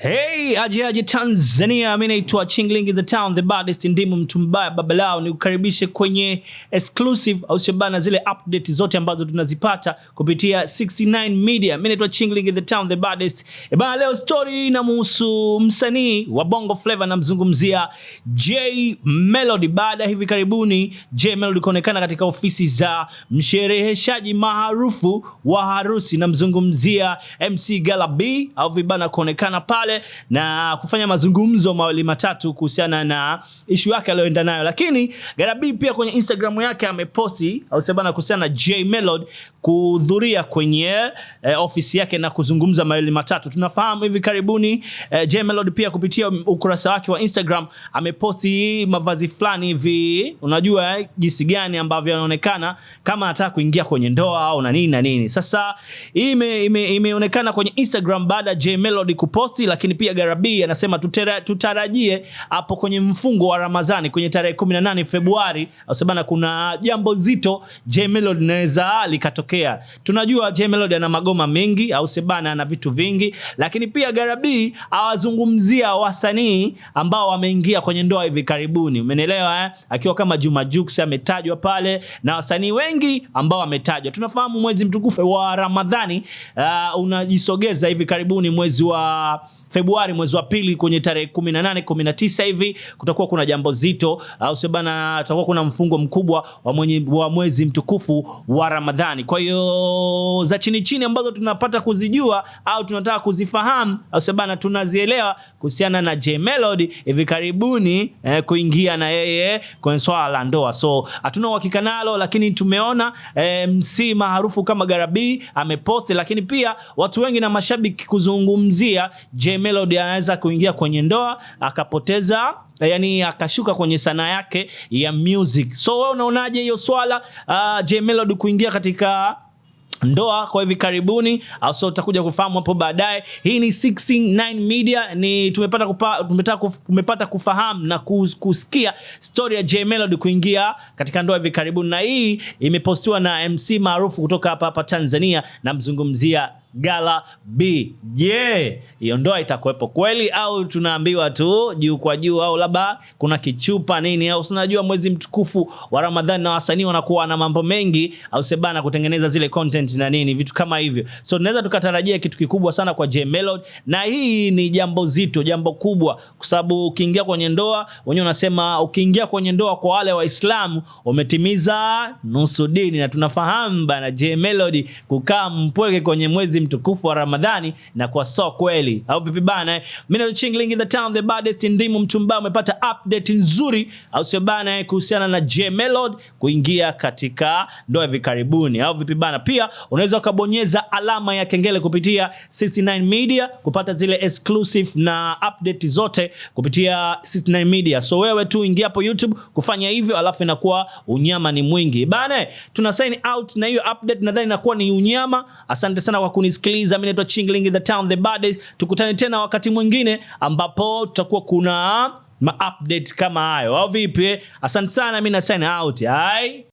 Hey, aje aje Tanzania, mimi naitwa Chingling in the town, the baddest ndimu mtu mbaya babalao, ni kukaribishe kwenye exclusive au sio bana, zile update zote ambazo tunazipata kupitia 69 Media. Mimi naitwa Chingling in the town, the baddest. E bana, leo story inamhusu msanii wa Bongo Flava, namzungumzia J Melody. Baada hivi karibuni J Melody kuonekana katika ofisi za mshereheshaji maarufu wa harusi, namzungumzia MC Gala B au vibana kuonekana pale pale na kufanya mazungumzo mawili matatu kuhusiana na ishu yake aliyoenda nayo, lakini Garabi pia kwenye Instagram yake ameposti au sema na kuhusiana na Jay Melody kuhudhuria kwenye eh, ofisi yake na kuzungumza mawili matatu. Tunafahamu hivi karibuni eh, Jay Melody pia kupitia ukurasa wake wa Instagram ameposti mavazi fulani hivi, unajua eh, jinsi gani ambavyo anaonekana kama anataka kuingia kwenye ndoa au na nini na nini. Sasa hii ime, imeonekana ime kwenye Instagram baada ya Jay Melody kuposti lakini pia Garabi anasema tutera, tutarajie hapo kwenye mfungo wa Ramadhani kwenye tarehe 18 Februari, asema kuna jambo zito Jay Melody naweza likatokea. Tunajua Jay ana magoma mengi au sebana ana vitu vingi, lakini pia Garabi awazungumzia wasanii ambao wameingia kwenye ndoa hivi karibuni, umenielewa eh? Akiwa kama Juma Jux ametajwa pale na wasanii wengi ambao wametajwa. Tunafahamu mwezi mtukufu wa Ramadhani uh, unajisogeza hivi karibuni mwezi wa Februari mwezi wa pili kwenye tarehe 18 19 hivi kutakuwa kuna jambo zito, au sio bana? Tutakuwa kuna mfungo mkubwa wa, mwenye, wa mwezi mtukufu wa Ramadhani. Kwa hiyo za chini chini ambazo tunapata kuzijua au tunataka kuzifahamu, au sio bana, tunazielewa kuhusiana na Jay Melody hivi karibuni eh, kuingia na yeye kwenye swala la ndoa, so hatuna uhakika nalo, lakini tumeona eh, msi maarufu kama Garabi ameposti, lakini pia watu wengi na mashabiki kuzungumzia Jay Melody anaweza kuingia kwenye ndoa akapoteza eh, yani akashuka kwenye sanaa yake ya music. So wewe unaonaje hiyo swala uh, ah, J Melody kuingia katika ndoa kwa hivi karibuni, au sio? Utakuja kufahamu hapo baadaye. Hii ni 69 Media, ni tumepata kupa, tumepata kufahamu na kusikia story ya J Melody kuingia katika ndoa hivi karibuni, na hii imepostiwa na MC maarufu kutoka hapa hapa Tanzania, namzungumzia Gala B. Je, yeah. hiyo ndoa itakuwepo kweli au tunaambiwa tu juu kwa juu, au labda kuna kichupa nini, au sinajua mwezi mtukufu wa Ramadhani na wasanii wanakuwa na mambo mengi, au sebana kutengeneza zile content na nini, vitu kama hivyo. So tunaweza tukatarajia kitu kikubwa sana kwa jmelo na hii ni jambo zito, jambo kubwa, kwa sababu ukiingia kwenye ndoa, wenyewe unasema ukiingia kwenye ndoa kwa wale Waislamu umetimiza nusu dini, na tunafahamu bana jmelo kukaa mpweke kwenye mwezi mtukufu wa Ramadhani na kwa so kweli, au vipi bana eh? Mimi na Chingling in the town the baddest ndimu mtumba, umepata update nzuri, au sio bana eh, kuhusiana na J Melody kuingia katika ndoa hivi karibuni, au vipi bana. Pia unaweza ukabonyeza alama ya kengele kupitia 69 Media kupata zile exclusive na update zote kupitia 69 Media. So wewe tu ingia hapo YouTube kufanya hivyo, alafu inakuwa unyama ni mwingi bana. Eh, tuna sign out na hiyo update, nadhani inakuwa ni unyama. Asante sana kwa kuni kunisikiliza. Mimi naitwa Chingling the Town the Baddies. Tukutane tena wakati mwingine ambapo tutakuwa kuna maupdate kama hayo, au vipi? Eh? Asante sana, mimi na sign out. Hai.